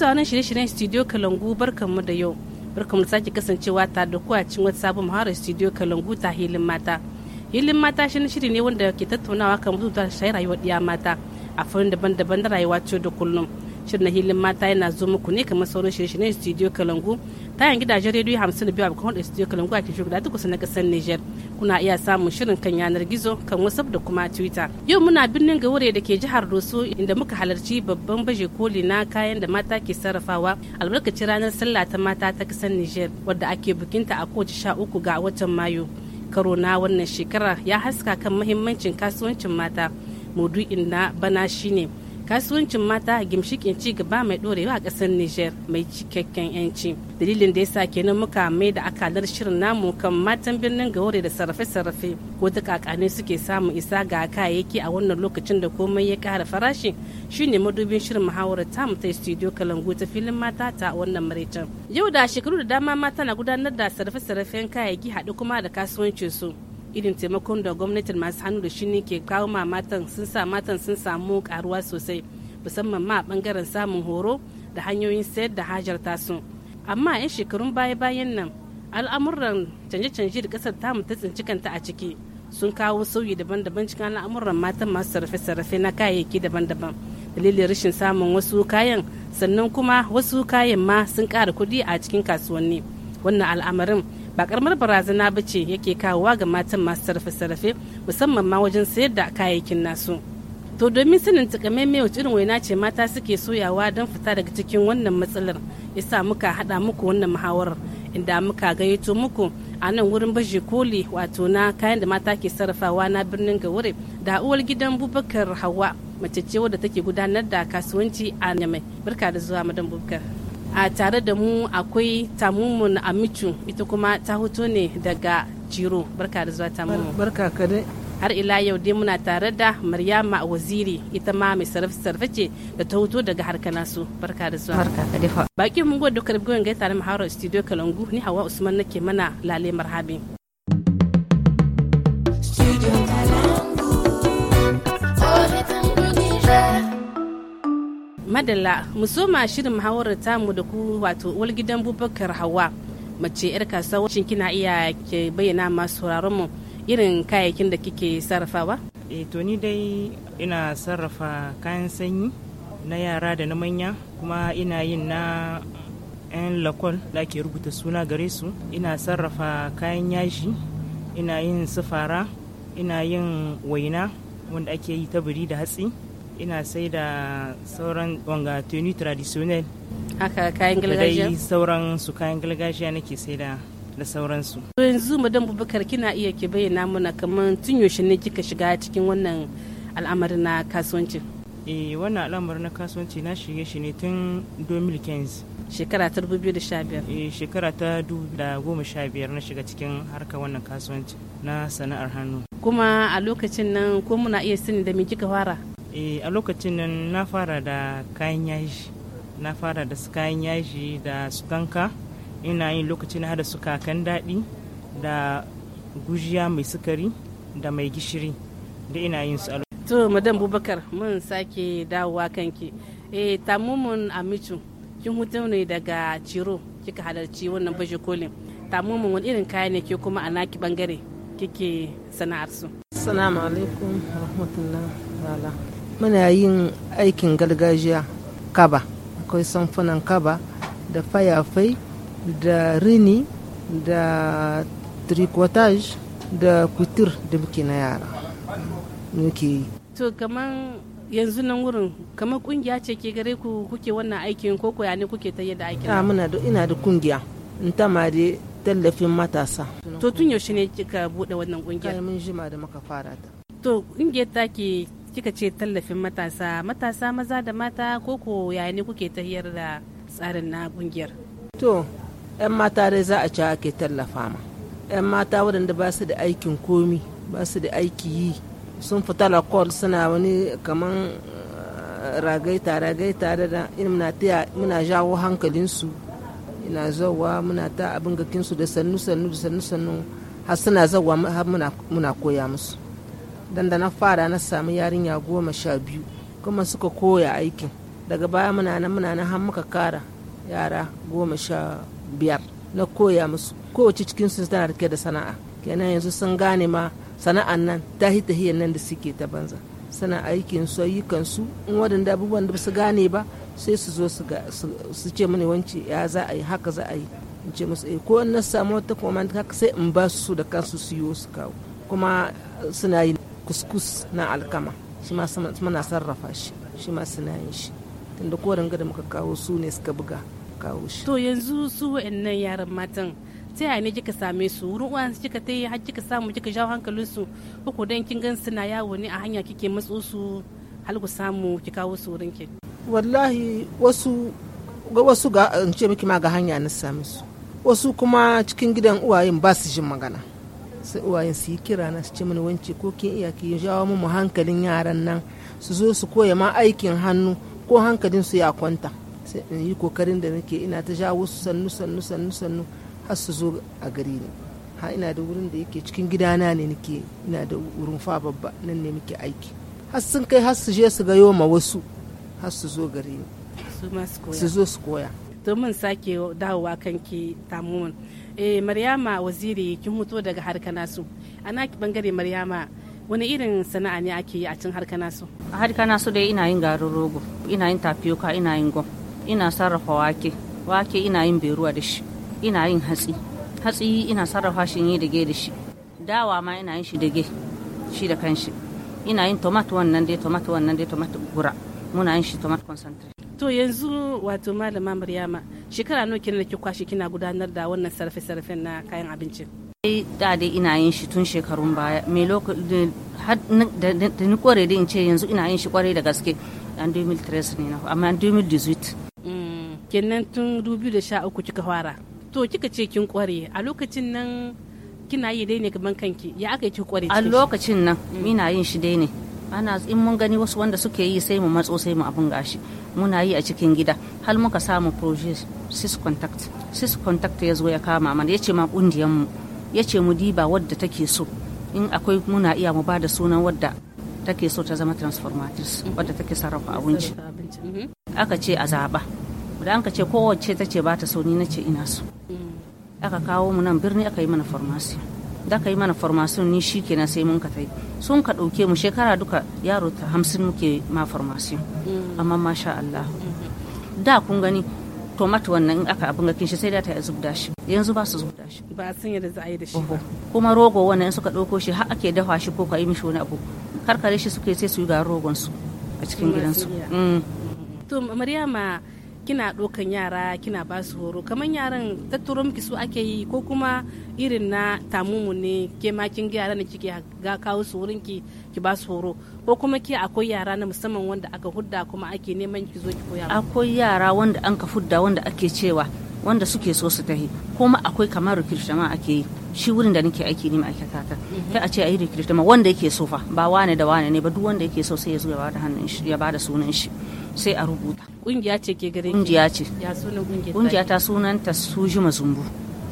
masu nan shirye-shiryen studio kalangu barkanmu da yau barkanmu da sake kasancewa ta da kuwa cikin wata sabon mahara studio kalangu ta hilin mata hilin mata shi shiri ne wanda ke tattaunawa kan mutunta shayi rayuwar ɗiya mata a fannin daban-daban na rayuwa ce da kullum shirin hilin mata yana zo muku ne kamar sauran shirye-shiryen studio kalangu ta yan gidajen rediyo hamsin da biyu a bakon studio kalangu a kishin guda duk na kasar niger kuna iya samun shirin kan yanar gizo kan WhatsApp da kuma Twitter. Yau muna birnin wuri da ke jihar Doso inda muka halarci babban baje koli na kayan da mata ke sarrafawa albarkacin ranar sallah ta mata ta kasar Niger wadda ake bikinta a kowace sha uku ga watan Mayu. Karo na wannan shekara ya haska kan mahimmancin kasuwancin mata. Maudu'in na bana shine kasuwancin mata gimshikin ci gaba mai dorewa a ƙasar niger mai cikakken yanci dalilin da ya sa kenan muka mai da akalar shirin namu kan matan birnin gaure da sarrafe-sarrafe ko ta kakane suke samun isa ga kayayyaki a wannan lokacin da komai ya ƙara farashi shine madubin shirin muhawarar ta, mu ta studio kalangu ta filin mata ta wannan maraicen yau da shekaru da dama mata na gudanar da sarrafe-sarrafen kayayyaki haɗu kuma da kasuwancin su irin taimakon da gwamnatin masu hannu da shi ne ke kawo ma matan sun sa matan sun samu karuwa sosai musamman ma a bangaren samun horo da hanyoyin sayar da hajar tasu amma 'yan shekarun baya-bayan nan al'amuran canje-canje da kasar tamu ta tsinci kanta a ciki sun kawo sauyi daban-daban cikin al'amuran matan masu sarrafe-sarrafe na kayayyaki daban-daban dalilin rashin samun wasu kayan sannan kuma wasu kayan ma sun kara kuɗi a cikin kasuwanni wannan al'amarin ba karamar barazana ba ce yake kawowa ga matan masu sarrafe-sarrafe musamman ma wajen sayar da kayayyakin nasu to domin sanin takamaimai wace irin waina ce mata suke soyawa don fita daga cikin wannan matsalar yasa muka haɗa muku wannan muhawarar inda muka gayyato muku a nan wurin baje koli wato na kayan da mata ke sarrafawa na birnin gawure da uwar gidan bubakar hawa mace ce wadda take gudanar da kasuwanci a nyamai barka da zuwa madan bubakar a tare da mu akwai tamumun amicu ita kuma ta hoto ne daga jiro barka da zuwa tamumu barka ka dai har ila yau dai muna tare da maryama waziri ita ma mai sarfe ce da ta hoto daga harka su barka da zuwa barka ka dai baki mun gode karbi gwan gaita da muhawarar studio kalangu ni hawa usman nake mana lale marhabin madalla mu soma shirin muhawarar tamu da ku wato walgidan bubakar hawa mace yar kasuwa shin kina iya ke bayyana masu mu irin kayayyakin da kike sarrafawa e to ni dai ina sarrafa kayan sanyi na yara da na manya kuma ina yin na 'yan lakol da ake rubuta suna gare su ina sarrafa kayan yashi ina yin sufara ina yin waina wanda ake yi ta biri da hatsi ina sai da sauran wanga tuni traditional haka kayan gargajiya da sauran su kayan gargajiya nake sai da da sauransu yanzu madan bubakar kina iya ki bayyana mana kamar tun yaushe ne kika shiga cikin wannan al'amarin na kasuwanci eh wannan al'amarin na kasuwanci na shige shi ne tun 2015 shekara ta 2015 eh shekara ta 2015 na shiga cikin harka wannan kasuwanci na sana'ar hannu kuma a lokacin nan ko muna iya sani da me kika fara Eh, a lokacin nan na fara da kayan yaji na fara da su kayan yaji da su kanka ina yin lokacin na hada su kakan daɗi da gujiya mai sukari da mai gishiri da ina yin su to madam bubakar mun sake dawowa kanki eh tamumun amicu kin hutu ne daga ciro kika halarci wannan baje kolin tamumun wani irin kaya ne ke kuma a naki bangare kike sana'ar su assalamu alaikum muna yin aikin gargajiya kaba akwai samfunan kaba da fayafai da rini da tricotage da kutur da muke na yara muke yi to kamar yanzu nan wurin kamar kungiya ce ke gare ku kuke wannan aikin ko koya ne kuke ta yadda aikin a ah, muna da ina da kungiya in ta ma da tallafin matasa to tun yaushe ne kika bude wannan kungiya mun jima da muka fara ta to kungiyar ta ke kika ce tallafin matasa matasa maza da mata koko yaya ne kuke tahiyar da tsarin na kungiyar to 'yan mata dai za a ci ake tallafa ma 'yan mata waɗanda ba su da aikin komi ba su da aiki yi sun fita kol suna wani kaman eh, ragaita ragaita da muna jawo hankalinsu ina zawa muna ta abin gakinsu da sannu sannu da sannu sannu har suna zawa har muna koya musu dan da na fara na samu yarinya goma sha biyu kuma suka koya aikin daga baya muna nan muna nan har muka kara yara goma sha biyar na koya musu kowace cikin su tana rike da sana'a kenan yanzu sun gane ma sana'an nan ta tahiyar nan da suke ta banza suna aikin su ayyukan su in waɗanda abubuwan da su gane ba sai su zo su ce mani wance ya za a yi haka za a yi in ce musu eh ko na samu wata kuma haka sai in ba su da kansu su yi su kawo kuma suna yi kuskus na alkama shi ma suna sarrafa shi shi ma suna yin shi tunda ranga da muka kawo su ne suka buga kawo shi to yanzu su wa'annan yaran matan ta yaya ne kika same su wurin uwan kika ta yi har kika samu kika jawo hankalin su ko dan kin gan suna yawo ne a hanya kike matso su har ku samu ki kawo su wurin ki wallahi wasu ga wasu ga in ce miki ma ga hanya na same su wasu kuma cikin gidan uwayen ba su jin magana sai uwayen su yi kira na su ce mana wance ko ke iya ki jawo mu hankalin yaran nan su zo su koya ma aikin hannu ko hankalin su ya kwanta sai in yi kokarin da nake ina ta jawo su sannu sannu sannu sannu har su zo a gare ni ha ina da wurin da yake cikin gidana ne nake ina da wurin fa babba nan ne muke aiki har sun kai har su je su ga yoma wasu har su zo gare ni su zo su koya to mun sake dawowa kanki tamuman eh maryama waziri kin mutu daga harka nasu ana bangare maryama wani irin sana'a ne ake yi a cin harka nasu a harka nasu dai ina yin garin rogo ina yin tapioca ina yin gom ina sarrafa wake wake ina yin beruwa da shi ina yin hatsi hatsi ina sarrafa shi yi dage da shi dawa ma ina yin shi dage shi da kanshi ina yin tomato wannan dai tomato wannan dai tomato gura muna yin shi tomato concentrate to yanzu wato malama maryama shekara nawa kina da ki kwashi kina gudanar da wannan sarfe sarfen na kayan abincin da dai ina yin shi tun shekarun baya me lokacin da ni kware da in ce yanzu ina yin shi kware da gaske an 2013 ne na amma 2018 mm, kenan tun 2013 kika fara to kika ce kin kware a lokacin nan kina yi dai ne gaban kanki ya aka yi ki kware a lokacin nan mm. ina yin shi dai ne ana in mun gani wasu wanda suke yi sai mu matso sai mu abin gashi muna yi a cikin gida hal muka samu project sis contact sis contact ya zo ya kama mana yace ma kundiyan mu yace mu diba wadda take so in akwai muna iya mu bada sunan wadda take so ta zama transformatrice mhm. wadda take sarrafa abinci mhm. aka ce a zaba da an ka ce kowace ta ce ba ta so ni na ce ina so mhm. aka kawo mu nan birni aka yi mana farmasiya da ka yi mana formation ni shi kenan sai mun ka tai sun ka dauke mu shekara duka yaro ta hamsin muke ma formation mm. amma masha Allah da kun gani tomat wannan in aka abin gakin shi sai da ta yi zubda shi yanzu ba su zubda shi ba sun yadda za a yi da shi kuma rogo wannan in suka ɗauko shi har ake dafa shi ko ka yi mishi wani abu karkare shi suke sai su yi garin rogon su a cikin gidansu mm. to maryama kina ɗaukan yara kina ba su horo kamar yaran tattaro miki su ake yi ko kuma irin na tamumu ne ke ma kin ga kike ga kawo su wurin ki ki ba su horo ko kuma ke akwai yara na musamman wanda aka hudda kuma ake neman ki zo ki koya akwai yara wanda an ka hudda wanda ake cewa wanda suke so su tahi kuma akwai kamar rikirtama ake yi shi wurin da nake aiki ne ma'aikata kaka. kai a ce a yi rikirtama wanda yake so fa ba wane da wane ne ba duk wanda yake so sai ya zo hannun shi ya bada sunan shi sai a rubuta kungiya ce ke gare kungiya ce ya sunan kungiya kungiya ta sunan ta suji mazumbu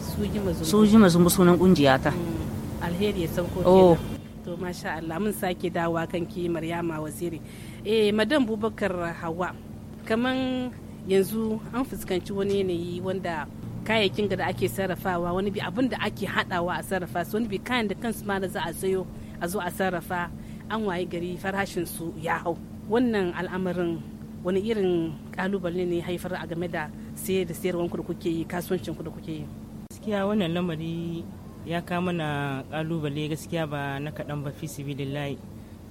suji mazumbu suji mazumbu sunan kungiya ta mm, alheri ya sauko oh to masha Allah mun sake dawowa kan ki Maryama Waziri eh madam Bubakar Hawa kaman yanzu an fuskanci wani yanayi wanda kayayyakin da ake sarrafawa wani bi abin da ake hadawa a sarrafa su wani bi kayan da kansu ma da za a sayo a zo a sarrafa an waye gari farashin su ya hau wannan al'amarin wani irin kalubale ne haifar a game da sayar da sayarwan ku da kuke yi kasuwancin ku da kuke yi gaskiya wannan lamari ya kama na kalubale gaskiya ba na kaɗan ba fi sibilillahi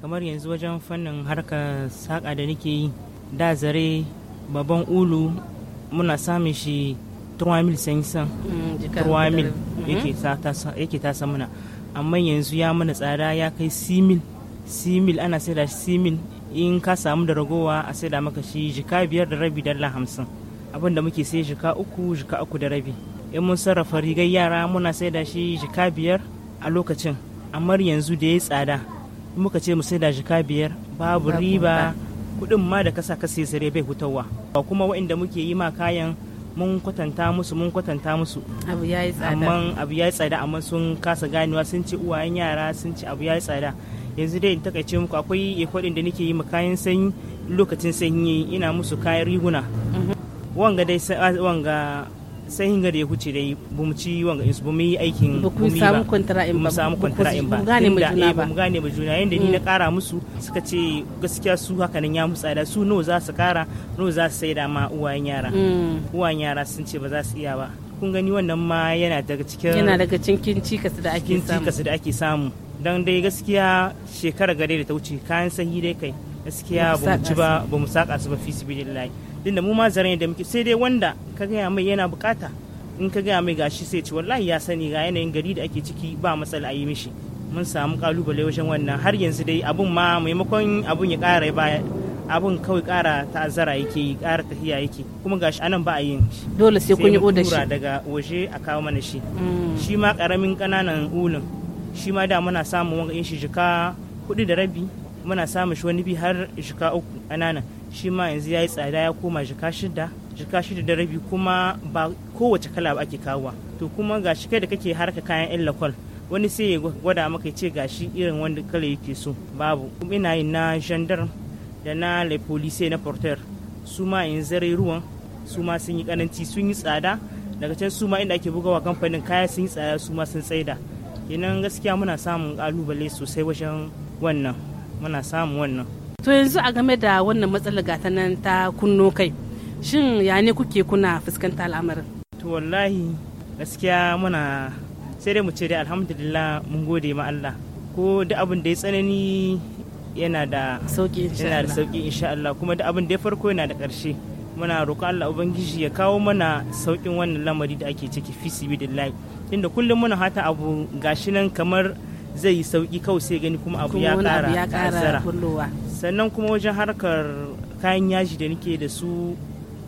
kamar yanzu wajen fannin harka saƙa da nake yi da zare babban ulu muna samun shi 3,500 3,000 mm, mm-hmm. yake tasa samuna amma yanzu ya mana tsada ya kai simil simil ana sai da simil in ka samu da ragowa a saida maka shi jika biyar da rabi dala hamsin abin da muke sai jika uku jika uku da rabi in mun sarrafa rigar yara muna saida shi jika biyar a lokacin amma yanzu da ya yi tsada muka ce mu saida jika biyar babu riba kuɗin ma da kasa kasa zare bai hutawa kuma waɗanda muke yi ma kayan mun kwatanta musu mun kwatanta musu abu ya yi tsada amma sun kasa ganewa sun ci uwayen yara sun ci abu ya yi tsada yanzu dai in takaice muku akwai ekwadin da nake yi ma kayan sanyi lokacin sanyi ina musu kayan riguna mhm. wanga dai ah, wanga sanyin ga da ya huce dai bu mu ci wanga isu bu mu yi aikin ba samu kontra'in ba samu kontra'in ba gane mu juna ba mu gane eh, mu juna yanda ni na kara mm. musu suka ce gaskiya su haka nan ya mutsa da su no za su kara no za su saida ma uwayen yara mm. uwayen yara sun ce ba za su iya ba kun gani wannan ma yana daga cikin yana daga cikin cikas da ake samu cikas da ake samu don dai gaskiya shekara gare da ta wuce kayan sahi dai kai gaskiya ba ci ba ba mu saka su ba fi su layi din da mu ma zaren da muke sai dai wanda ka gaya mai yana bukata in ka gaya mai gashi sai ci wallahi ya sani ga yanayin gari da ake ciki ba matsala a yi mishi mun samu kalubale wajen wannan har yanzu dai abun ma maimakon abun ya kara baya abun kawai kara ta'azzara yake yi kara tahiya yake kuma gashi anan ba a yin shi dole sai kun yi daga waje a kawo mana shi mm. shi ma karamin kananan ulun shi ma da muna samun wani yin shi jika hudu da rabi muna samun shi wani bi har jika uku anana shi ma yanzu ya yi tsada ya koma jika shida jika shida da rabi kuma ba kowace kala ba ake kawo to kuma ga shi kai da kake harka kayan yan lakol wani sai ya gwada maka ya ce ga shi irin wanda kala yake so babu Kuma ina yin na gendarme da na le police na porter su ma yin zare ruwan su ma sun yi karanci sun yi tsada daga can su ma inda ake bugawa kamfanin kaya sun yi tsada su ma sun tsaida kenan gaskiya muna samun kalubale sosai wajen wannan muna samun wannan to yanzu a game da wannan matsalar gata nan ta kunno kai shin ya ne kuke kuna fuskanta al'amarin to wallahi gaskiya muna sai dai mu ce dai alhamdulillah mun gode ma Allah ko duk abin da ya tsanani yana da sauki insha Allah kuma duk abin da ya farko yana da ƙarshe muna roƙon Allah ubangiji ya kawo mana sauƙin wannan lamari da ake ciki fi sibidillahi inda kullum muna hata abu gashi nan kamar zai yi sauƙi kawai sai gani kuma abu ya ƙara sannan kuma wajen harkar kayan yaji da nake da su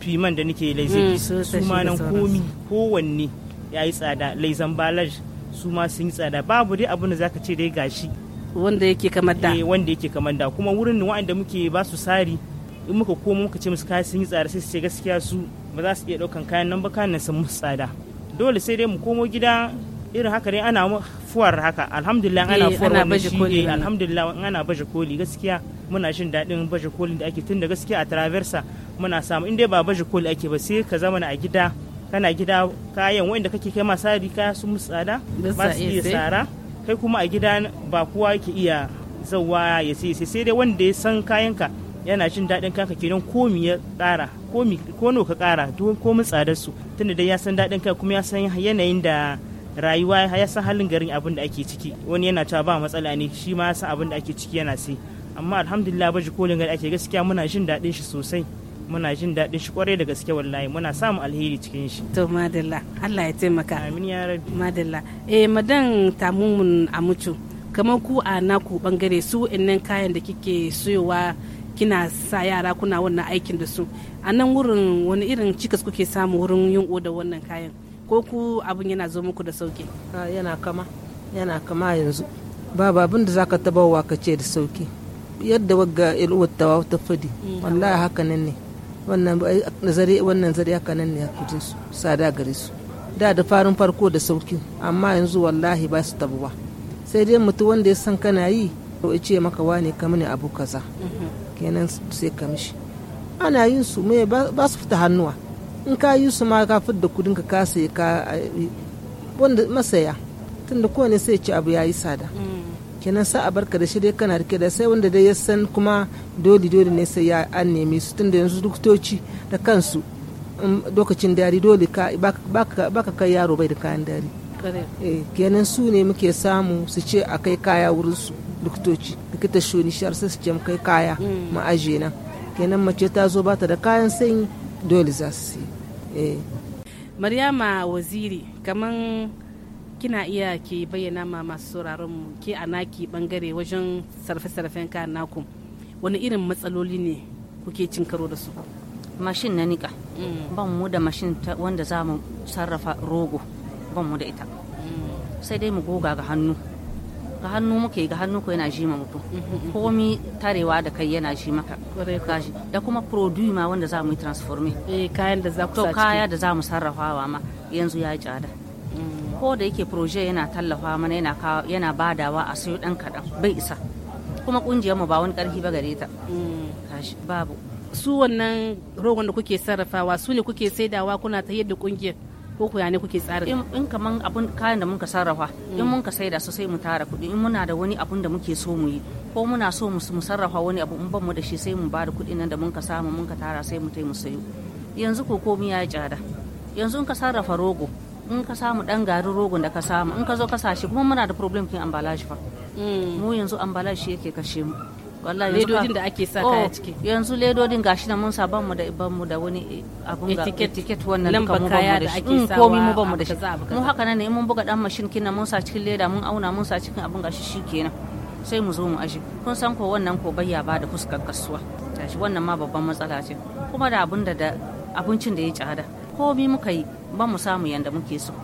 fiman da nake laizaki mm, su ma nan komi kowanne ya yi tsada laizan balaj su ma sun yi tsada babu dai abin da zaka ce dai gashi wanda yake kamar da eh, wanda yake kamar da kuma wurin wa'anda muke ba su sari in muka koma muka ce musu kaya sun yi tsada sai su ce gaskiya su ba za su iya ɗaukan kayan nan ba kayan sun musu tsada dole sai dai mu komo gida irin haka dai ana fuwar haka alhamdulillah ana eh, fuwar wannan shi ne alhamdulillah ana baje koli gaskiya muna jin daɗin baje kolin da ake tun da gaskiya a traversa muna samu in dai ba baje koli ake ba sai ka zama a gida kana gida kayan wanda kake kai sadi kaya sun musu tsada ba su iya tsara kai kuma a gida ba kowa yake iya zauwa ya sai sai dai wanda ya san kayanka yana jin daɗin kanka kenan ko ya ƙara ko ko no ka ƙara to ko mun tsadar su tunda dai ya san daɗin kanka kuma ya san yanayin da rayuwa ya san halin garin abin da ake ciki wani yana cewa ba matsala ne shi ma ya san abin da ake ciki yana sai amma alhamdulillah baji kolin gari ake gaskiya muna jin daɗin shi sosai muna jin daɗin shi kwarai da gaske wallahi muna samun alheri cikin shi to madalla Allah ya taimaka amin ya rabbi madalla eh madan tamumun amucu kamar ku a naku bangare su innan kayan da kike suyowa. kina sa yara kuna wannan aikin da su a nan wurin wani irin cikas kuke samu wurin yin oda wannan kayan ko ku abin yana zo muku da sauki ah, yana kama yana kama yanzu babu abin da zaka taba wa ka ce da sauki yadda wagga ilwar tawa ta fadi mm. wallahi haka nan ne wannan zare wannan zari haka nan ne hakkin su sada gare su da da farin farko da sauki amma yanzu wallahi ba su tabuwa sai dai mutu wanda ya san kana yi ya ce maka wane ka mini abu kaza mm-hmm. kenan su sai ka mishi ana yin su mai ba su fita hannuwa in ka yi su ma ka fidda kudin ka ka sai ka wanda masaya tunda kowane sai ci abu yi sada mm. kenan sa a barka da shi dai kana rike da sai wanda dai ya san kuma dole dole ne sai ya an nemi su tunda yanzu doktoci da kansu um, lokacin dari dole ka baka kai yaro bai da kayan dari eh, kenan su ne muke samu su ce a kai kaya wurin su likitoci likita shoni shar sai su ce kai kaya ma mm. aje na kenan mace ta zo bata da kayan sanyi dole za su yi eh. maryama waziri kaman kina iya ke bayyana ma masu sauraron mu ke a naki bangare wajen sarfe-sarfen kayan naku wani irin matsaloli ne kuke cin karo da su mashin na nika mm. ban mu da mashin wanda za mu sarrafa rogo ban mu da ita mm. sai dai mu goga ga hannu ga hannu muke, ga hannu ko yana jima mutum mhm. komi tarewa da kai yana shi maka kashi da kuma produce ma wanda za mu yi transforme eh, kayan da za to kaya da za mu sarrafawa ma yanzu ya yi tsada mm. ko da yake proje yana tallafa mana yana yana badawa a sayo dan kadan bai isa kuma kungiyar mu ba wani karfi ba gare ta kashi mm. babu su wannan rogon da kuke sarrafawa su ne kuke saidawa kuna ta yadda kungiyar ko ku ne kuke tsara in kaman abun kayan da muka sarrafa in mm. mun ka saida su sai mu tara kuɗi in muna da wani abun da muke so mu yi ko muna so mu sarrafa wani abu in mu da shi sai mu bada kuɗi nan da mun ka samu mun ka tara sai mu tai mu sayo yanzu ko komai ya tsada yanzu in ka sarrafa rogo in ka samu dan garin rogon da ka samu in ka zo ka sashi kuma muna da problem kin ambalashi fa mm. mu yanzu ambalashi yake kashe mu wallahi ledodin da ake sa kaya oh, ciki yanzu ledodin gashi na mun sa ban mu da ban mu da wani abun ga etiket wannan duka mu ban mu da shi mm, komi mu ban mu da shi mu haka nan ne mun buga dan mashin kina mun sa cikin leda mun auna mun sa cikin abun gashi shikenan sai mu zo mu aje kun san ko wannan ko bayya ba da fuskar kasuwa tashi wannan ma babban matsala ce kuma da abun da da abincin da ya tsada komi muka yi ban mu samu yanda muke so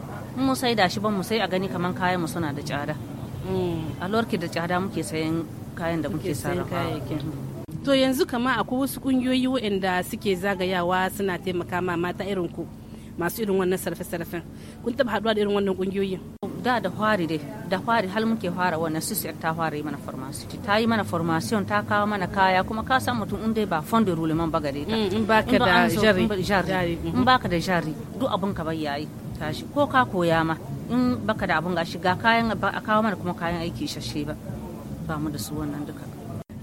mu sai da shi ban mu sai a gani kaman kayan mu suna da tsada mm. a lorki da tsada muke sayan kayan da muke sarrafa to yanzu kama akwai wasu kungiyoyi waɗanda suke zagayawa suna taimaka ma mata irin ku masu irin wannan sarfe-sarfen kun taba haɗuwa da irin wannan kungiyoyi da da fari dai da fari hal muke fara wannan su ta fara yi mana farmasi ta yi mana formation ta kawo mana kaya kuma ka san mutum inda ba fond de roulement ba gare ka mm, in baka da jari in mhm. baka da jari duk abun ka bai tashi ko ka koya ma in baka da abun ga ga kayan a kawo mana kuma kayan aiki shashe ba ba mu da su wannan duka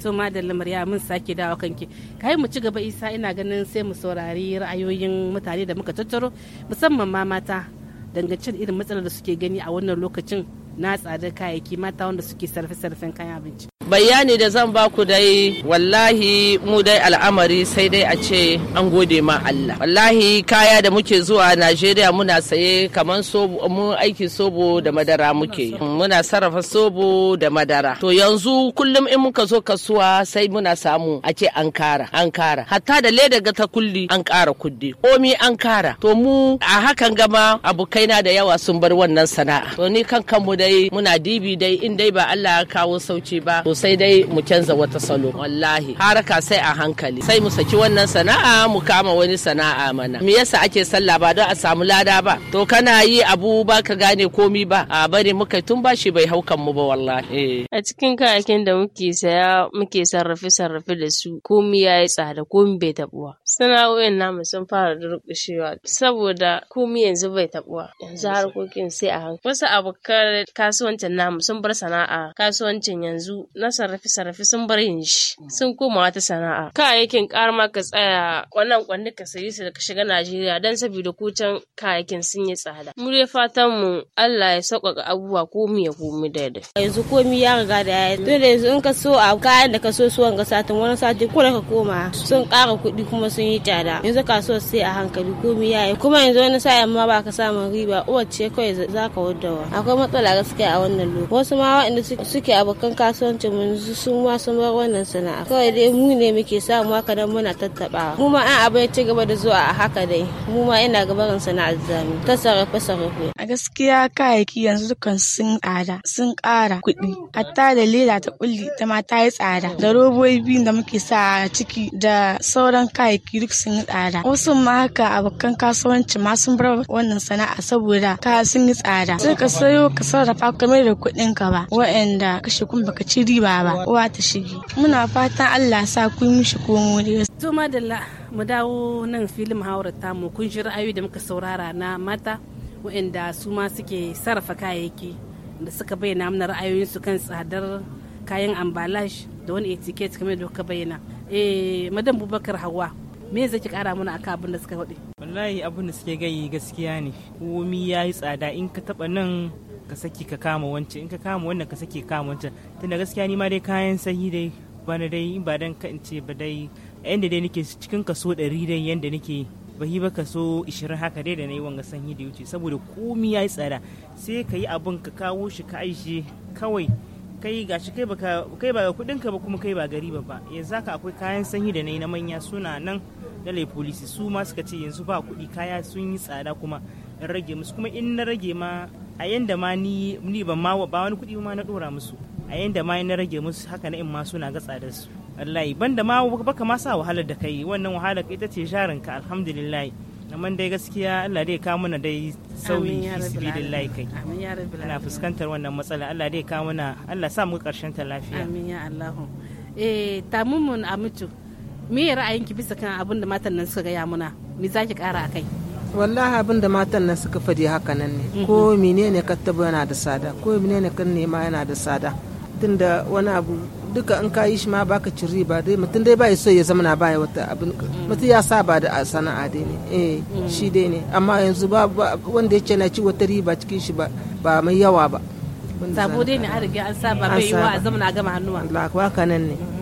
to madalla Maryam mun sake dawo kanki kai mu ci gaba isa ina ganin sai mu saurari ra'ayoyin mutane da muka tattaro musamman ma mata dangancin irin matsalar da suke gani a wannan lokacin na tsadar kayayyaki mata wanda suke sarfe-sarfen kayan abinci. Bayani da zan ba ku dai wallahi mu dai al'amari sai dai a ce an gode ma Allah. Wallahi kaya da muke zuwa Najeriya muna saye kamar sobo mu aiki sobo da madara muke. Muna sarrafa sobo da madara. To yanzu kullum in muka zo kasuwa sai muna samu a ce an kara an kara. Hatta da leda ga ta kulli an kara kuddi. Omi an kara. To mu a hakan gama abokaina da yawa sun bar wannan sana'a. To ni kan kanmu da dai muna dibi dai in dai ba Allah ya kawo sauci ba to sai dai mu canza wata salo wallahi haraka sai a hankali sai mu saki wannan sana'a mu kama wani sana'a mana me yasa ake sallah ba don a samu lada ba to kana yi abu ba ka gane komi ba a bari muka tun bashi bai haukan mu ba wallahi eh. a cikin kayakin da muke saya muke sarrafe sarrafe da su komi yi tsada komi bai tabuwa sana'o'in namu sun fara durƙushewa saboda komi yanzu bai tabuwa yanzu harkokin sai a hankali wasu abokan kasuwancin namu sun bar sana'a kasuwancin yanzu na sarrafi sarrafi sun bar yin shi sun koma wata sana'a kayayyakin ma ka tsaya wannan kwanni ka sayi su ka shiga Najeriya dan saboda kucan kayayyakin sun yi tsada mu dai fatan mu Allah ya sauƙaƙa abubuwa komi ya komi da yanzu komi ya riga da yayi tun da yanzu in ka so a kayan da ka so suwan ga satin wani sati kula ka koma sun ƙara kuɗi kuma sun yi tsada yanzu kasuwar sai a hankali komi ya yi kuma yanzu wani sa'in ma ba ka samun riba uwar ce kawai za ka wadawa akwai matsala suke a wannan lokacin wasu ma waɗanda suke abokan kasuwancin mu sun ma sun bar wannan sana'a kawai dai mu ne muke samu haka dan muna tattabawa mu ma an abu ya ci gaba da zuwa a haka dai mu ma ina gabarin sana'ar zami ta sarrafe sarrafe a gaskiya kayayyaki yanzu dukan sun tsada sun ƙara kuɗi hatta da leda ta kulli ta ma ta yi tsada da robobi da muke sa a ciki da sauran kayayyaki duk sun yi tsada wasu ma haka abokan kasuwanci ma sun bar wannan sana'a saboda ka sun yi tsada sai ka sayo ka sarrafa ka mai da kuɗin ka ba wa'anda kashe kun baka ci riba ba uwa ta shige muna fatan Allah sa ku yi mishi komai da to madalla mu dawo nan filin muhawarar mu kun ji ra'ayoyi da muka saurara na mata wa'anda su ma suke sarrafa kayayyaki da suka bayyana mana ra'ayoyinsu kan tsadar kayan ambalage da wani etiket kamar da kuka bayyana eh madam bubakar hawa me zai ki kara mana akan abin da suka faɗi wallahi abin da suke gayi gaskiya ne komi yayi tsada in ka taba nan ka saki ka kama wancan in ka kama wannan ka saki ka kama wancan tunda gaskiya ni ma dai kayan sahi dai bana dai ba dan ka in ce ba dai yanda dai nake cikin kaso ɗari dai yanda nake yi ba kaso 20 haka dai da na yi wanga sanyi da wuce saboda komi ya yi tsada sai ka yi abin ka kawo shi ka aishe kawai kai gashi kai kai ba kudin ka ba kuma kai ba gari ba yanzu haka akwai kayan sanyi da na yi na manya suna nan da polisi su ma suka ce yanzu ba kuɗi kaya sun yi tsada kuma in rage musu kuma in na rage ma a yanda ma ni ni ban ma ba wani kuɗi ma na dora musu a yanda ma na rage musu haka na in ma suna ga tsadar su wallahi banda ma baka ma sa wahalar da kai wannan wahalar ita ce jarin ka alhamdulillah amma dai gaskiya Allah dai ka muna dai sauyi sabilillah kai ana fuskantar wannan matsala Allah dai ka muna Allah sa mu karshen ta lafiya amin ya Allah eh tamumun amitu me ra'ayinki bisa kan abin da matan nan suka gaya muna me zaki kara akai wallahi abin da matan nan suka fadi haka nan ne ko menene ka taba yana da sada ko menene ka nema yana da sada tunda wani abu duka in ka yi shi ma baka ci riba dai mutum dai bai so ya zama na baya wata abin mutum ya saba da sana'a dai ne eh shi dai ne amma yanzu ba wanda ya ce na ci wata riba cikin shi ba ba mai yawa ba sabo dai ne an riga an saba bai wa a zamana gama hannuwa Allah nan ne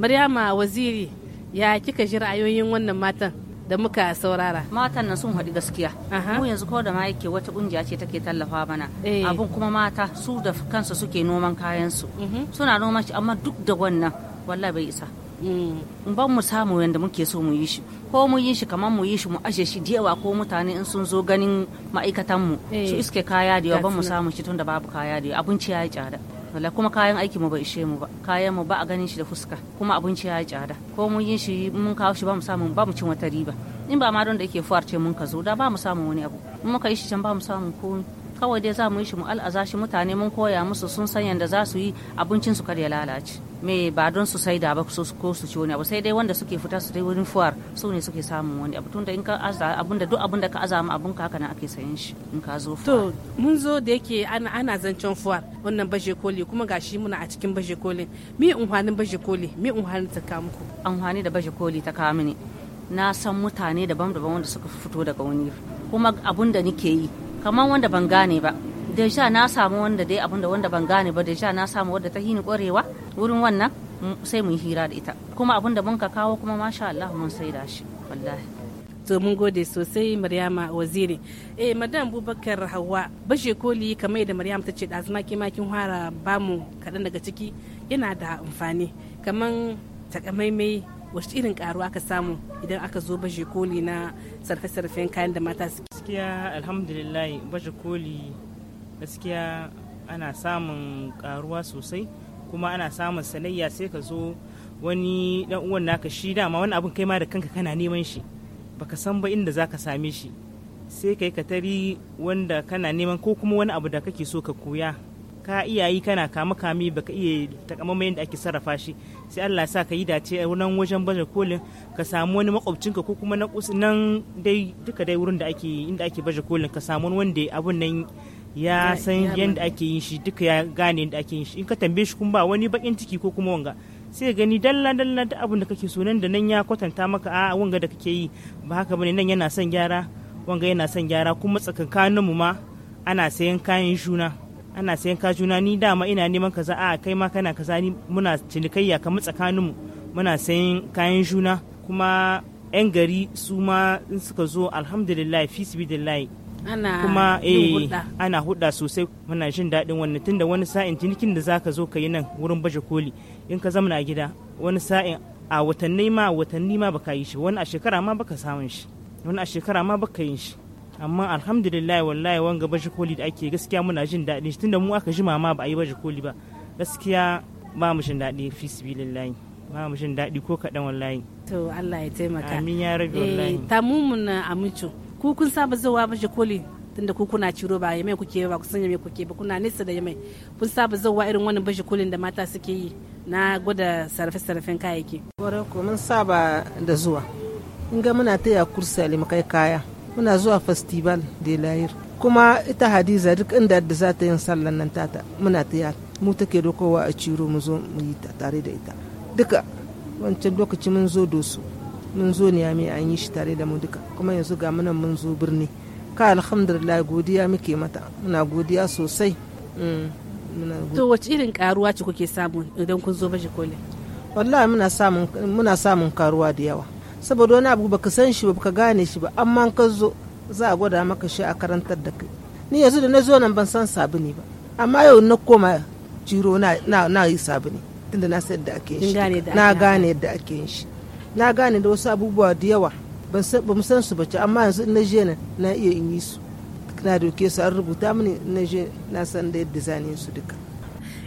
Maryama Waziri ya kika ji ra'ayoyin wannan matan da muka saurara matan na sun haɗi gaskiya mu yanzu ko da ma yake wata kungiya ce take tallafa mana eh. abun kuma mata su da kansu suke noman kayan su mhm. suna noman shi amma duk da wannan wallahi bai isa in mm. ban mu samu yadda muke so mu yi shi ko mu yi shi kamar mu yi shi mu ashe shi da ko mutane in sun zo ganin ma'aikatan mu su eh. iske kaya da yawa ban mu samu shi tun da babu kaya da yawa abinci ya yi tsada wala kuma kayan aiki mu ba ishe mu ba kayan mu ba a ganin shi da fuska kuma abinci ya yi tsada ko mun yi shi mun kawo shi ba mu samu ba mu cin wata riba in ba ma don da yake fuwar ce mun ka zo da ba mu samu wani abu mun ka yi shi can ba mu samu komai kawai dai za mu yi shi mu al'aza shi mutane mun koya musu sun san yadda za su yi abincin su kar ya lalace me ba don su saida ba su ko su ci wani abu sai dai wanda suke fita su dai wurin fuwar su ne suke samun wani abu tunda in ka aza abun da duk abun da ka aza mu abun ka haka nan ake sayan shi in ka zo fuwar to mun zo da yake ana ana zancen fuwar wannan baje koli kuma gashi muna a cikin baje kolin mi unhwanin baje koli mi unhwanin ta kawo muku unhwani da baje koli ta kawo mini na san mutane daban-daban wanda suka fito daga wani kuma abun da nike yi kamar wanda ban gane ba sha na samu wanda dai abinda wanda ban gane ba da sha na samu wadda ta hini kwarewa wurin wannan sai mun hira da ita kuma abinda mun ka kawo kuma masha Allah mun da shi wallahi to mun gode sosai maryama waziri eh madam bubakar hawa bashe koli kamar da maryam ta ce ɗazuma ke makin fara bamu kaɗan daga ciki yana da amfani kamar takamaimai wasu irin karuwa aka samu idan aka zo bashe koli na sarfe-sarfen kayan da mata suke gaskiya alhamdulillah baje koli gaskiya ana samun karuwa sosai kuma ana samun sanayya sai ka zo wani dan uwan naka shi dama wani abun kai ma da kanka kana neman shi baka san ba inda zaka same shi sai kai ka tari wanda kana neman ko kuma wani abu da kake so ka koya ka iya yi kana kama kame baka iya takamaiman yadda ake sarrafa shi sai Allah sa ka yi dace a nan wajen baje kolin ka samu wani makwabcinka ko kuma na nan dai duka dai wurin da ake inda ake baje kolin ka samu wanda abun nan ya san yadda ake yin shi duka ya gane yadda ake yin shi in ka tambaye shi kuma ba wani bakin ciki ko kuma wanga sai gani dalla dalla da abun da kake so nan da nan ya kwatanta maka a wanga da kake yi ba haka bane nan yana son gyara wanga yana son gyara kuma tsakankaninmu ma ana sayan kayan juna ana sayan kajuna ni dama ina neman kaza a kai ma kana kaza ni muna cinikayya kamar tsakaninmu muna sayan kayan juna kuma 'yan gari su ma in suka zo alhamdulillah fi ana kuma eh ana hudda sosai muna jin daɗin wannan tunda wani sa'in cinikin da zaka zo ka yi nan wurin baje koli in ka zama a gida wani sa'in a watanni ma watanni ma baka yi shi wani a shekara ma baka samun shi wani a shekara ma baka yin shi amma alhamdulillah wallahi wanga baje koli da ake gaskiya muna jin daɗi tunda mu aka ji ma ba a yi baje koli ba gaskiya ba mu jin daɗi fi sibilillahi ba mu jin daɗi ko kaɗan wallahi to Allah ya taimaka amin ya rabi wallahi eh, mun amincu ku kun saba zuwa baje koli tunda ku kuna ciro ba yamai kuke ba ku sanya me kuke ba kuna nesa da yamai kun saba zuwa irin wannan baje kolin da mata suke yi na gwada sarfe-sarfen kayayyaki. Kwarai ko mun saba da zuwa. In ga muna taya kursa limakai kaya. muna zuwa festival de layir kuma ita hadiza duk inda da za ta yin sallan nan tata muna ta yi mu take dokowa a ciro mu zo mu yi ta tare da ita duka wancan lokaci mun zo dosu mun zo ne mai an yi shi tare da mu duka kuma yanzu ga munan mun zo birni ka alhamdulillah godiya muke mata muna godiya sosai mm, to wace irin karuwa ce kuke samu idan kun zo baje kole? wallahi muna samun muna samun karuwa da yawa saboda wani abu baka san shi ba baka gane shi ba amma ka zo za a gwada maka shi a karantar da kai ni yanzu da na zo nan ban san sabuni ba amma yau na koma jiro na yi sabuni tunda na sayar da ake shi na gane yadda ake shi na gane da wasu abubuwa da yawa ba mu san su ba ce amma yanzu na je nan na iya in yi su na doke su an rubuta mini na je na san da yadda zane su duka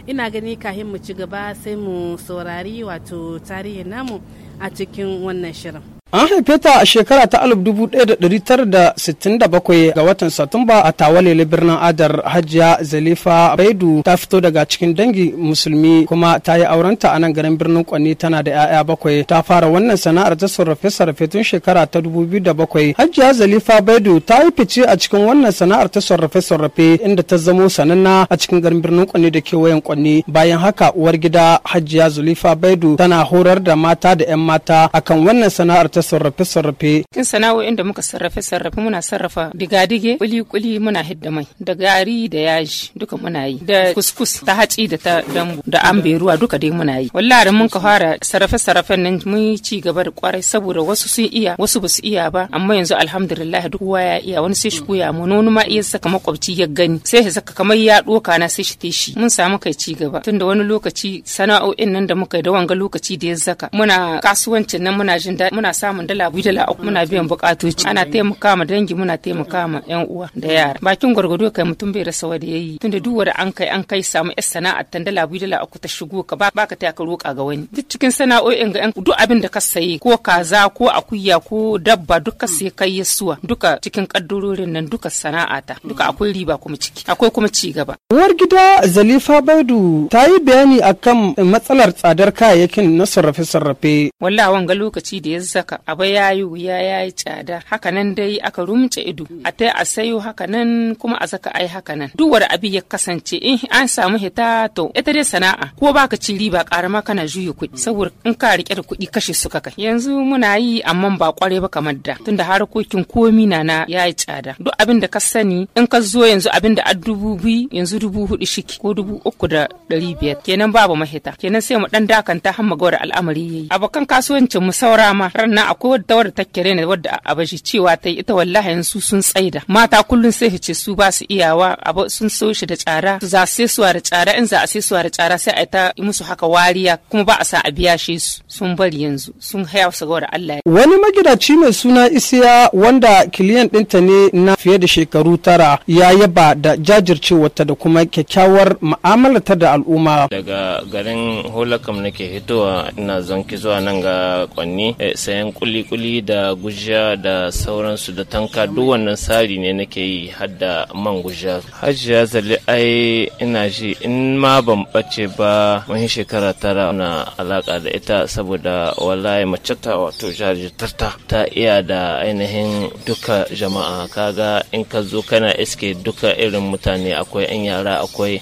ina gani kahin mu ci gaba sai mu saurari wato tarihin namu a cikin wannan shirin An haife ta a shekara ta 1967 ga watan Satumba a Tawalele birnin Adar Hajiya Zalifa Baidu ta fito daga cikin dangi musulmi kuma ta yi aurenta a nan garin birnin kwani tana da 'ya'ya bakwai. Ta fara wannan sana'ar ta sarrafe-sarrafe tun shekara ta 2007. Hajiya Zalifa Baidu ta yi fice a cikin wannan sana'ar ta sarrafe-sarrafe inda ta zamo sananna a cikin garin birnin kwani da kewayen kwani Bayan haka uwar gida Hajiya Zalifa Baidu tana horar da mata da 'yan mata akan wannan sana'ar ta sarrafe-sarrafe. Kin sana'o'in da muka sarrafe-sarrafe muna sarrafa digadige, kuli-kuli muna hidda mai, da gari da yaji duka muna yi, da kuskus ta haci da ta dambu da ruwa duka dai muna yi. Wallahi da mun ka fara sarrafe-sarrafen nan mun yi ci gaba da kwarai saboda wasu sun iya, wasu basu iya ba, amma yanzu alhamdulillah duk kowa ya iya wani sai shi koya mu nonu ma iya saka makwabci ya gani sai shi saka kamar ya doka na sai shi te shi mun samu kai ci gaba tunda wani lokaci sana'o'in nan da muka yi da wanga lokaci da ya zaka muna kasuwancin nan muna jin daɗi muna sa samun dala biyu dala uku muna biyan bukatoci ana taimaka ma dangi muna taimaka ma yan uwa da yara bakin gwargwado kai mutum bai rasa wanda yayi tunda duk wanda an kai an kai samu yar sana'a tan dala biyu dala uku ta shigo ka baka taya ka roka ga wani duk cikin sana'o'in ga yan duk abin da ka sayi ko kaza ko akuya ko dabba duka sai kai suwa. duka cikin kaddurorin nan duka sana'a ta duka akwai riba kuma ciki akwai kuma ci gaba uwar gida zalifa baidu ta yi bayani akan matsalar tsadar kayayyakin na sarrafe sarrafe wallahi wanga lokaci da ya zaka a abu ya yi wuya ya yi tsada haka nan dai aka rumce ido a ta a sayo haka nan kuma a saka ai haka nan duk wani abi ya kasance in an samu hita to ita dai sana'a ko baka ci riba karama kana juya kuɗi saboda in ka rike da kuɗi kashe su kai. yanzu muna yi amma ba kware ba kamar da tunda harkokin komi na na ya yi tsada duk abin da ka sani in ka zo yanzu abin da dubu biyu yanzu dubu hudu shiki ko dubu uku da ɗari biyar kenan babu mahita kenan sai mu dan dakanta hamma magawar al'amari yayi abokan kasuwancin mu saura ma ran na akwai wadda wadda ta kere ne wadda a bashi cewa ta yi ita wallahi yanzu sun tsaida mata kullum sai su ce su ba su iyawa abu sun so shi da tsara za su suwa da tsara in za a sai suwa da tsara sai a ta musu haka wariya kuma ba a sa a biya shi su sun bari yanzu sun haya su ga Allah wani magidaci mai suna isiya wanda kiliyan dinta ne na fiye da shekaru tara ya yaba da jajircewarta da kuma kyakkyawar ma'amalata da al'umma daga garin holakam nake hitowa ina zonki zuwa nan ga kwanni eh, sayan kulikuli da guja da sauransu da tanka duk wannan tsari ne nake yi hadda man guja hajiya zali ai ina ji in ma ban bace ba mun shekara tara na alaka da ita saboda wallahi mace ta wato jarjitarta ta iya da ainihin duka jama'a kaga in ka zo kana iske duka irin mutane akwai 'yan yara akwai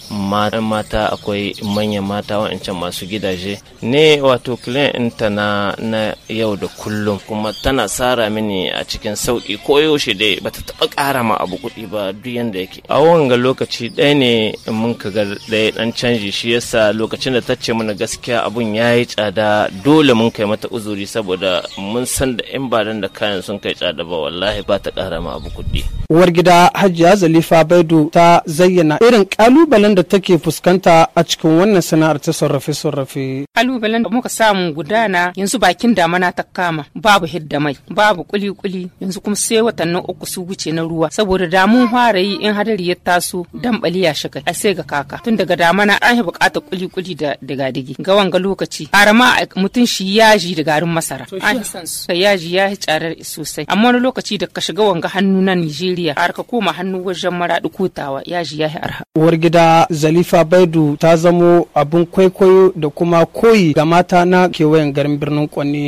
mata akwai manyan mata wa'ancan masu gidaje ne wato client na yau da kullum kullum kuma tana sara mini a cikin sauki ko yaushe dai ta taba ƙara ma abu kuɗi ba duk yanda yake a wanga lokaci ɗaya ne mun ka ga ɗaya dan canji shi yasa lokacin da ta ce mana gaskiya abun ya yi tsada dole mun kai mata uzuri saboda mun san da in ba da kayan sun kai tsada ba wallahi ba ta ƙara ma abu kuɗi. uwar gida hajiya zalifa baidu ta zayyana irin kalubalen da take fuskanta a cikin wannan sana'ar ta sarrafe sarrafe. kalubalen da muka samu gudana yanzu bakin damana ta kama babu hidda mai babu kuli-kuli yanzu kuma sai watannin uku su wuce na ruwa saboda damun fara in hadari ya taso dan ya shiga a sai ga kaka tun daga damana an yi bukatar kuli-kuli da daga digi ga wanga lokaci ma mutum shi yaji da garin masara an yi yaji ya yi tsarar sosai amma wani lokaci da ka shiga wanga hannu na Nijeriya har ka koma hannu wajen maraɗi kotawa yaji ya yi arha uwar gida Zalifa Baidu ta zamo abin kwaikwayo da kuma koyi ga mata na kewayen garin birnin Kwani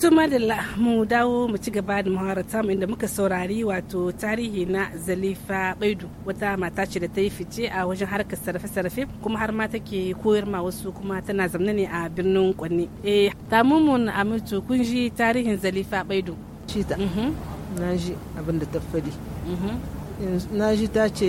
tuma da mu dawo mu ci gaba da muharata inda muka saurari wato tarihi na zalifa baidu wata mata ce da ta yi fice a wajen harkar sarrafe sarrafe kuma har ma take koyar ma wasu kuma tana zamna ne a birnin kwanne eh tamumun amintu kun ji tarihin zalifa baidu shi ta mhm. na ji abin ta fadi mhm. na ji ta ce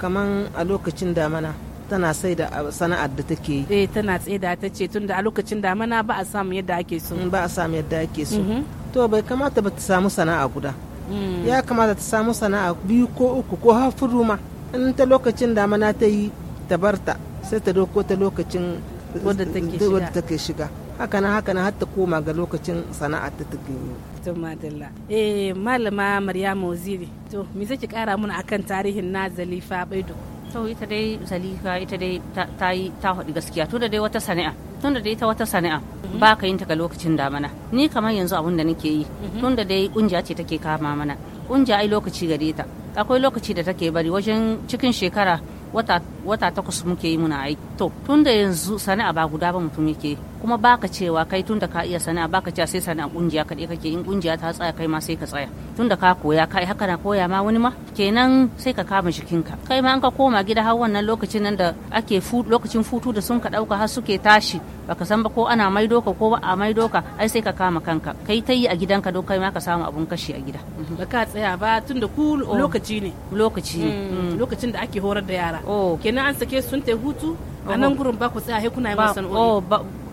kaman a lokacin damana tana sai da ah, sana'ar da take yi eh tana tsaida ta ce tunda a lokacin damana ba a samu yadda ake so mm, ba a samu yadda ake so mm-hmm. to bai kamata ba ta samu sana'a guda mm. ya kamata ta samu sana'a biyu ko uku ko hafuru ma in ta lokacin damana ta yi ta barta sai ta doko ta lokacin eh, eh, wadda take shiga haka na haka na har ta koma ga lokacin sana'a ta take yi to madalla eh malama maryamu ziri to me zaki kara mun akan tarihin na zalifa baidu to ita dai zalifa ita dai ta yi ta haɗi gaskiya tun da dai wata sani'a tun da dai ta wata sani'a mhm. ba ka yin ta ga lokacin damana ni kamar yanzu abun da nake yi mhm. tun da dai kungiya ce take kama mana kungiya ai lokaci gare ta akwai lokaci da take bari wajen cikin shekara wata wata takwas muke yi muna aiki to tun da yanzu sana'a ba guda ba mutum yake kuma baka cewa kai tun da ka iya sana'a baka cewa sai sana'a kungiya kaɗai kake in kungiya ta tsaya kai ma sai ka tsaya tun da ka koya kai haka na koya ma wani ma kenan sai ka kama jikinka kai ma an ka koma gida har wannan lokacin nan da ake lokacin futu da sun ka ɗauka har suke tashi baka san ba ko ana maido ka ko ba a maido ka ai sai ka kama kanka kai ta yi a gidanka don kai ma ka samu abun kashi a gida mm-hmm. ba ka tsaya ba tun da ku oh. lokaci ne lokaci ne mm. Mm. lokacin da ake horar da yara oh. kenan na an sake sun ta hutu a nan gurin ba ku tsaye kuna yi sana'o'i oh,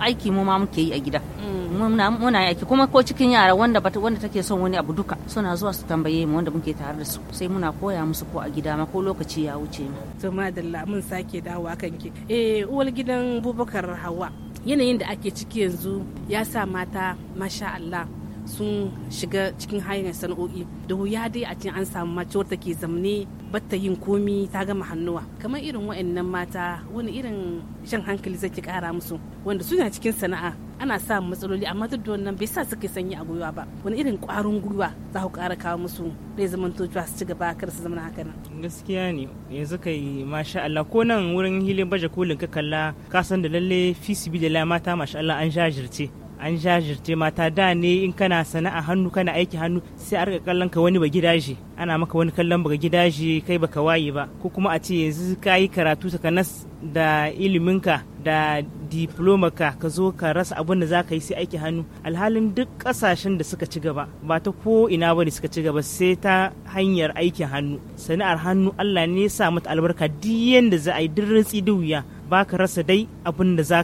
aiki mu ma muke yi a gida mm. muna muna aiki kuma ko cikin yara wanda bata wanda take son wani abu duka suna zuwa su tambaye mu wanda muke tare da su sai muna koya musu ko a gida ma ko lokaci ya wuce ma to madalla mun sake dawowa kanki eh uwar gidan Bubakar Hawa yanayin da ake ciki yanzu ya sa mata masha Allah sun shiga cikin hanyar sana'o'i da wuya dai a cikin an samu mace wadda ke zamne batta yin komi ta gama hannuwa kamar irin wa'annan mata wani irin shan hankali zai ki kara musu wanda suna cikin sana'a ana samun matsaloli amma duk da wannan bai sa suka sanyi a gwiwa ba wani irin kwarin gwiwa za ku kara kawo musu zai to tojuwa su ci gaba kar su zama haka nan gaskiya ne yanzu kai masha Allah ko nan wurin hilin baje kolin ka kalla ka san da lalle fi da mata masha Allah an jajirce an jajirce mata da ne in kana sana'a hannu kana aiki hannu sai a rika kallon ka wani ba gidaje ana maka wani kallon ba gidaje kai baka waye ba ko kuma a ce yanzu ka yi karatu sakanas da iliminka da diploma ka ka zo ka rasa abin da za yi sai aiki hannu alhalin duk kasashen da suka ci gaba ba ta ko ina bane suka ci gaba sai ta hanyar aikin hannu sana'ar hannu Allah ne ya sa mata albarka duk yanda za a yi duk rantsi duk wuya ba rasa dai abin da za